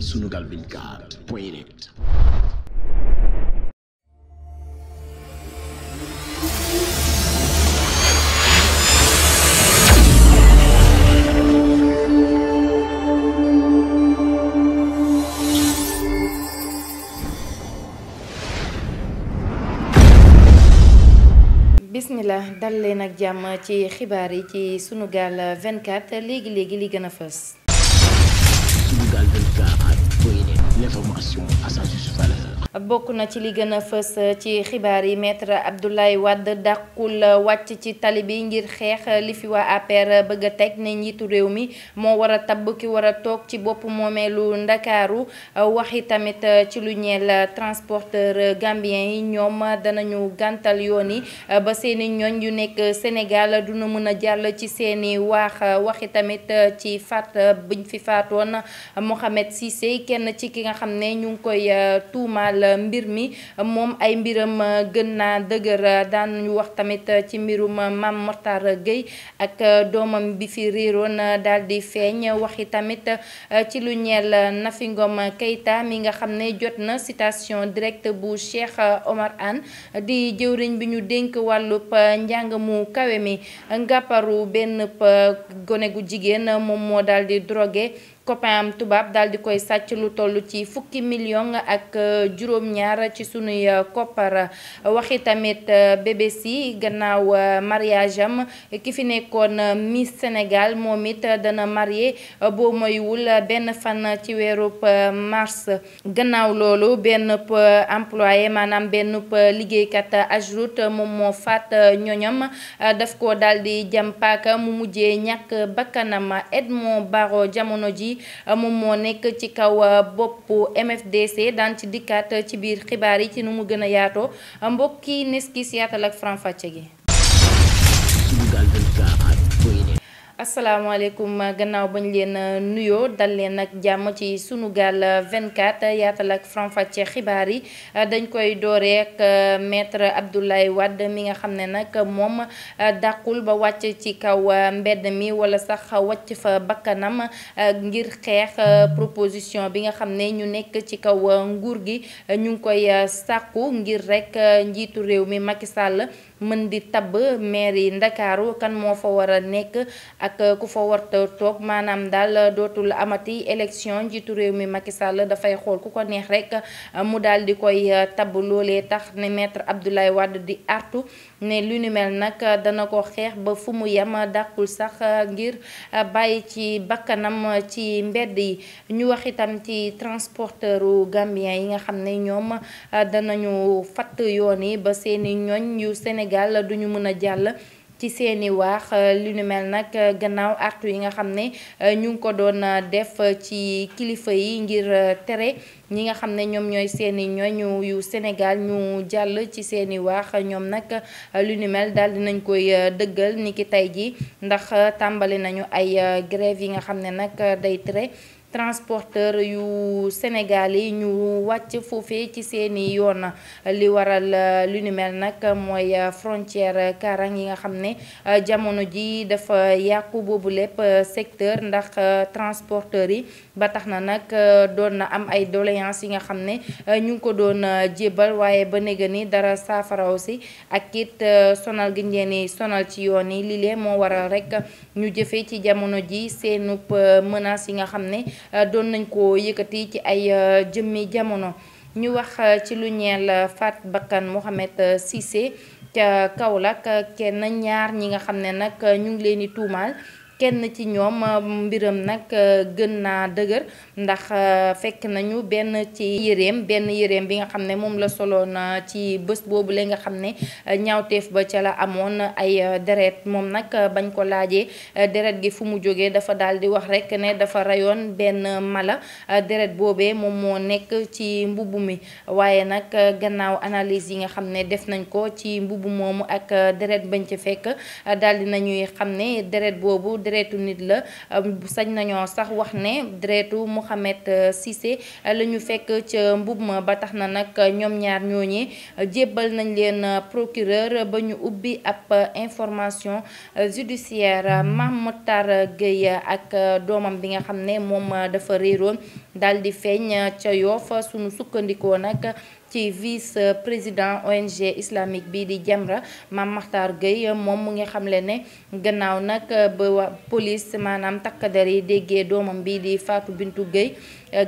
Sunugal 24 point net bismillah dal leen ak jàmm ci xibaar yi ci Sunugal 24 léegi léegi li gën a fës. bokk na ci li gën a fës euh, ci xibaar yi maître Abdoulaye Wade daqul euh, wàcc ci tali bi ngir xeex euh, li fi waa APR bëgg teg ne njiitu réew mi moo war a tabb ki war a toog ci bopp moomeelu ndakaaru waxi tamit ci lu ñeel transporteur gambien yi ñoom danañu gantal yoon yi ba seeni ñooñ yu nekk Sénégal duna mën a jàll ci seeni waax waxi tamit ci faat biñ fi faatoon Mohamed Cissé kenn ci ki nga xam ne ñu ngi koy tuumaal mbir mi moom ay mbiram euh, gën naa dëgër daan wax tamit euh, ci mbirum euh, Mame Makhtar Gueye ak doomam bi fi réeroon daal di feeñ waxi tamit ci lu ñeel Nafi Ngom Keïta mi nga xam ne jot na citation directe bu Cheikh Omar Anne di jëwriñ bi ñu dénk wàllub njàng mu kawe mi ngàpparu benn gone gu jigéen moom moo daal di copain am tubaab daal di koy sàcc lu toll ci fukki million ak euh, juróom-ñaar ci sunuy euh, koppar waxi tamit euh, BBC gannaaw mariage ki fi nekkoon Miss Sénégal moom it dana marié boo moywul benn fan ci weerub mars gannaaw loolu benn emploi maanaam benn liggéeykat ajrut moom moo faat ñoñam daf ko daal di jam paaka mu mujjee ñàkk bakkanam Edmond Baro jamono ji bi euh, moo nekk ci kaw euh, boppu MFDC daan ci dikkaat euh, ci biir xibaar yi ci nu mu gën a yaatoo mbokki neski si ak faram-fàcce gi asalaamaaleykum gannaaw bañ leen euh, nuyoo dal leen ak jàmm ci euh, vingt 24 yaatal ak faram-fàcce xibaar yi euh, dañ koy dooree ak maître Abdoulaye mi nga xam ne nag moom dàqul ba wàcc ci kaw mbedd mi wala sax wàcc fa bakkanam ngir xeex proposition bi nga xam ne ñu nekk ci kaw nguur gi ñu ngi koy sàkku ngir rek njiitu réew mi Macky sàll mën di tabb maire yi ndakaaru kan moo fa war a nekk ak ku fa warta toog maanaam daal dootul amati élection njiitu réew mi Macky Sall dafay xool ku ko neex rek mu daal di koy uh, tabb loolee tax ne maître Abdoulaye wàdd di artu ne lu ni nag dana ko xeex ba fu mu yem dàqul sax uh, ngir uh, bàyyi ci bakkanam ci mbedd yi ñu wax itam ci transporteuru gambien yi nga xam ne ñoom danañu fatt yoon yi ba seeni ñooñ yu Sénégal Sénégal duñu mën a jàll ci seeni waax li nu nag gannaaw artu yi nga xam ne euh, ñu ngi ko doon euh, def ci kilifa yi ngir euh, tere ñi nga xam ne ñoom ñooy seeni ñooñu yu Sénégal ñu jàll ci seeni waax ñoom nag li nu mel daal dinañ koy dëggal niki tey ji ndax tàmbali nañu ay grève yi nga xam ne nag day tere transporteur yu Sénégal yi ñu wàcc foofee ci seeni yoon li waral euh, lu ni mel nag mooy euh, frontière karang yi nga xam ne euh, jamono ji dafa yàqu boobu lépp secteur ndax transporteur yi ba tax na nag doon na am ay doléance yi nga xam ne ñu ngi ko doon jébbal waaye ba néega ni dara saafaraw si ak it sonal gi ngeen ni sonal ci yoon yi lii lee moo waral rek ñu jëfee ci jamono ji seenub menace yi nga xam ne Euh, doon nañ ko yëkkati ci ay euh, jëmmi jamono ñu wax euh, ci lu ñeel faat bakkan Mohamed Cissé ca Kaolack kenn ñaar ñi nga xam ne nag ñu ngi leen di tuumaal kenn ci ñoom euh, mbiram nag euh, gën naa dëgër ndax euh, fekk nañu benn ci yëreem benn yëreem bi nga xam ne moom la soloon ci bës boobu la nga xam ne ñaawteef ba ca la amoon ay deret moom nag bañ ko laajee deret gi fu mu jógee dafa daal di wax rek ne dafa rayoon benn mala deret boobee moom moo nekk ci mbubb mi waaye nag gannaaw analyse yi nga xam ne def nañ ko ci mbubb moomu ak deret bañ ci fekk daldi di nañuy xam ne deret boobu deretu nit la euh, sañ nañoo sax wax ne deretu Mouhamed euh, Cissé euh, la ñu fekk ca mbub ma ba tax na nag ñoom ñaar ñooñee jébbal nañ leen procureur ba ñu ubbi ab information judiciaire Mame Makhtar Gueye ak doomam bi nga xam ne moom dafa réeroon daal di feeñ ca Yoff suñu sukkandikoo nag ci vice président ONG islamique bi di Jamra Mame Makhtar Gueye moom mu ngi xamle ne gannaaw nag ba police maanaam takkader yi déggee doomam bi di Fatou Bintou Gueye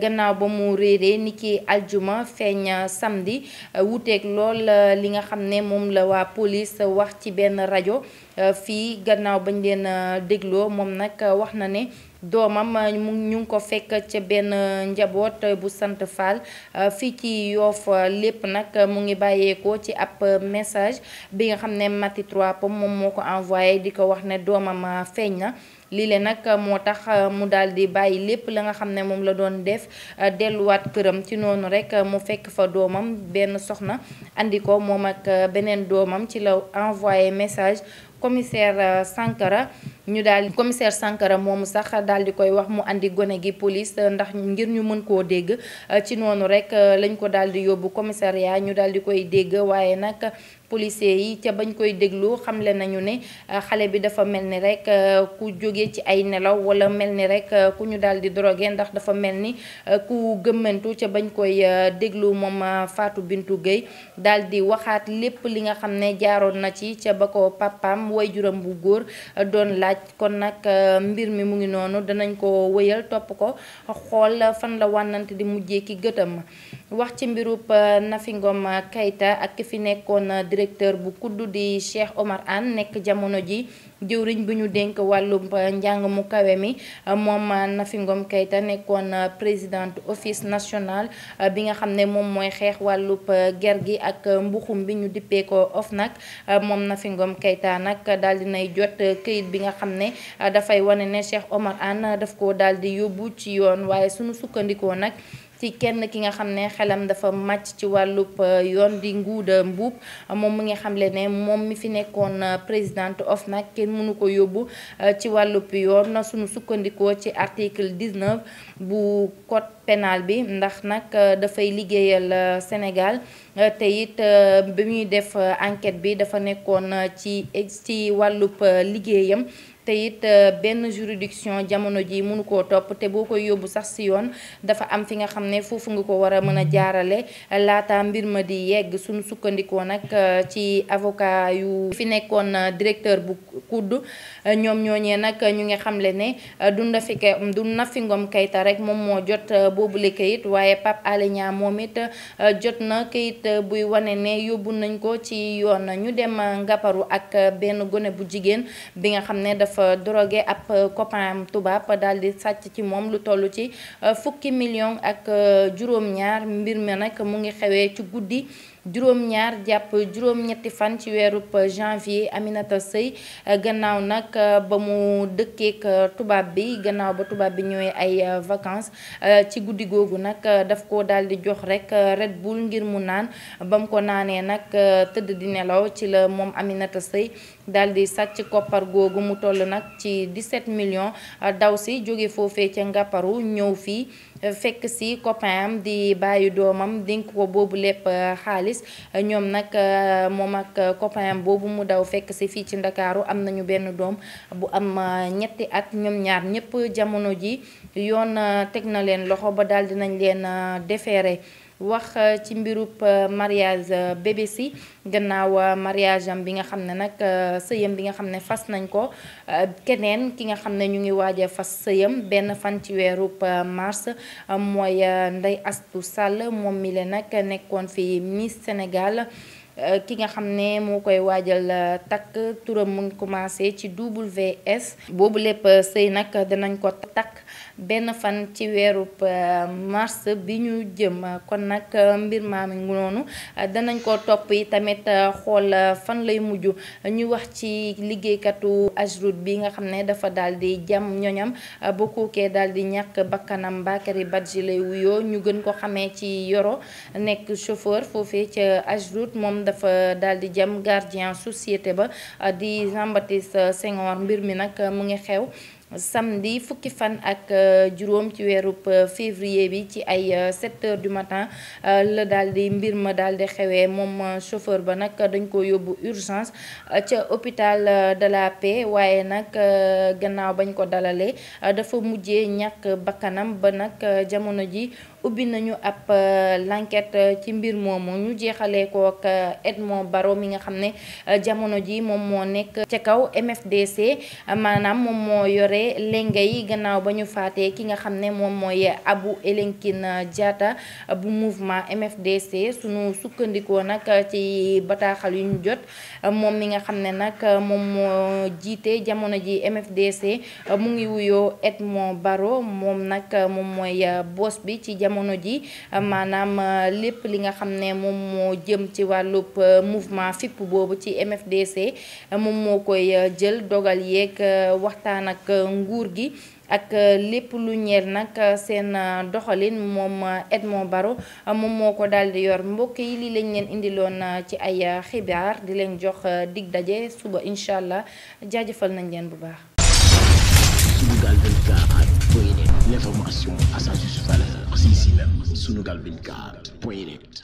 gannaaw ba mu réeree ni ki aljuma feeñ samedi wuteek lool li nga xam ne moom la waa police wax ci benn rajo fii gannaaw bañ leen dégloo moom nag wax na ne doomam euh, mu ñu ngi ko fekk ca benn njaboot euh, bu sant Fall euh, fi ci Yoff lépp nag mu ngi bàyyeekoo ci ab message bi nga xam ne Mati 3 pom moom moo ko envoyé di ko wax ne doomam feeñ na. lii nag moo tax euh, mu daal di bàyyi lépp la nga xam ne moom la doon def euh, delluwaat këram ci noonu rek euh, mu fekk fa doomam benn soxna indi ko moom ak beneen doomam ci la envoyé message commissaire sanqara ñu daal commissaire Sankara moomu sax daal di koy wax mu indi gone gi police ndax ngir ñu mën koo dégg ci noonu rek lañ ko daal di yóbbu commissariat ñu daal di koy dégg waaye nag policiers yi ca bañ koy déglu xamle nañu ne euh, xale bi dafa mel ni rek euh, ku jóge ci ay nelaw wala mel ni rek euh, ku ñu daal di drogué ndax dafa mel ni ku gëmmantu ca bañ koy déglu moom Fatou Bintou Gueye daal di waxaat lépp li nga xam ne jaaroon na ci ca ba ko papaam waajuram bu góor doon laaj kon nag mbir mi mu ngi noonu danañ ko wëyal topp ko xool fan la wànnante di mujjee ki gëtam wax ci mbirub euh, Nafi Ngom Keïta ak fi nekkoon euh, directeur bu kudd di Cheikh Omar Anne nekk jamono ji jëwriñ bu ñu dénk wàllub euh, njàng mu kawe mi moom Nafi Ngom Keïta nekkoon présidente office national bi nga xam ne moom mooy xeex wàllub ger gi ak mbuxum bi ñu dippee ko OFNAC moom Nafi Ngom Keïta nag daal dinay jot këyit bi nga xam ne dafay wane ne Cheikh Omar Anne daf ko daal di yóbbu ci yoon waaye suñu sukkandikoo nag ci kenn ki nga xam ne xelam dafa màcc ci wàllub euh, yoon di Nguuda Mbuub moom mu ngi xamle ne moom mi fi nekkoon euh, présidente nag kenn mënu ko yóbbu euh, ci wàllub yoon suñu sukkandikoo ci article 19 bu code pénal bi ndax nag dafay liggéeyal Sénégal te it bi muy def enquête bi dafa nekkoon ci ci wàllub liggéeyam te it euh, benn juridiction jamono ji mënu koo topp te boo koy yóbbu sax si yoon dafa am fi nga xam ne foofu nga ko war a mën a jaarale laata mbir ma di yegg suñu sukkandikoo nag euh, ci avocat yu fi nekkoon euh, directeur bu kudd ñoom ñooñee nag ñu ngi xamle ne du Nafi du fi ngoom Keïta rek moom moo jot boobule kayit waaye Pape Alé moom it jot na kayit buy wane ne yóbbu nañ ko ci yoon ñu dem ngaparu ak benn gone bu jigéen bi nga xam ne dafa dafa drogué ab euh, copain tubaab daal di sàcc ci moom lu toll ci euh, fukki million ak euh, juróom-ñaar mbir mi nag mu ngi xewee ci guddi juróom-ñaar jàpp juróom-ñetti fan ci weerub janvier Aminata Sëy gannaaw nag ba mu dëkkeek tubaab bi gannaaw ba tubaab bi ñëwee ay vacances ci guddi googu nag daf ko daal di jox rek Red Bull ngir mu naan ba mu ko naanee nag tëdd di nelaw ci la moom Aminata Sëy daal di sàcc koppar googu mu toll nag ci 17 million ah, daw si jóge foofee ca ngàpparu ñëw fii eh, fekk si copain am di bàyyi doomam dénk ko boobu lépp eh, xaalis eh, ñoom nag moom ak copain am boobu mu daw fekk si fii ci ndakaaru am nañu benn doom bu am ñetti at ñoom ñaar ñépp jamono ji yoon teg na leen loxo ba daal nañ leen defeere wax euh, ci mbirub euh, mariage euh, bébé gannaaw mariage bi nga xam ne nag sëyam bi nga xam ne fas nañ ko keneen ki nga xam ne ñu ngi waaj a fas sëyam benn fan ci weerub mars mooy Ndeye Astou Sall moom mi nag nekkoon fi Miss Sénégal ki nga xam ne moo koy waajal takk turam mu ngi commencé ci WS boobu lépp sëy nag danañ ko takk benn fan ci weerub euh, mars bi ñu jëm kon nag euh, mbir maa mi noonu danañ ko topp yi tamit euh, xool fan lay mujj ñu wax ci liggéeykatu Ajrut bi nga xam ne dafa daal di jàmm ñoñam ba kookee daal di ñàkk bakkanam Bakary Badji lay wuyoo ñu gën ko xamee ci Yoro nekk chauffeur foofee ca Ajrut moom dafa daal di jàmm gardien société ba di Jean Baptiste Senghor mbir mi nag mu ngi xew samedi fukki fan ak euh, juróom ci weeru euh, février bi ci ay 7 euh, heures du matin la daal di mbir ma daal di xewee moom chauffeur ba nag dañ ko yóbbu urgence ca hôpital de la Paix waaye nag gannaaw bañ ko dalalee dafa mujjee ñàkk bakkanam ba nag jamono ji ubbi nañu ab euh, l'enquête euh, ci mbir moomu ñu jeexalee ko ak euh, Edmond Baro mi nga xam ne jamono ji moom moo nekk ca kaw MFDC maanaam moom moo yore lenge yi gannaaw ba ñu faatee ki nga xam ne moom mooy Abou Elinkine Diatta bu mouvement MFDC sunu sukkandikoo nag ci bataaxal yuñ jot moom mi nga xam ne nag moom moo jiite jamono ji MFDC mu ngi wuyoo Edmond Baro moom nag moom mooy boss bi ci jamono jamono ji maanaam lépp li nga xam ne moom moo jëm ci wàllu mouvement fipp boobu ci MFDC moom moo koy jël dogal yeeg waxtaan ak nguur gi ak lépp lu ñeel nag seen doxalin moom Edmond Baro moom moo ko daal di yor mbokk yi li lañ leen indiloon ci ay xibaar di leen jox dig daje suba incha allah jaajëfal nañ leen bu baax. sunugal 24 point net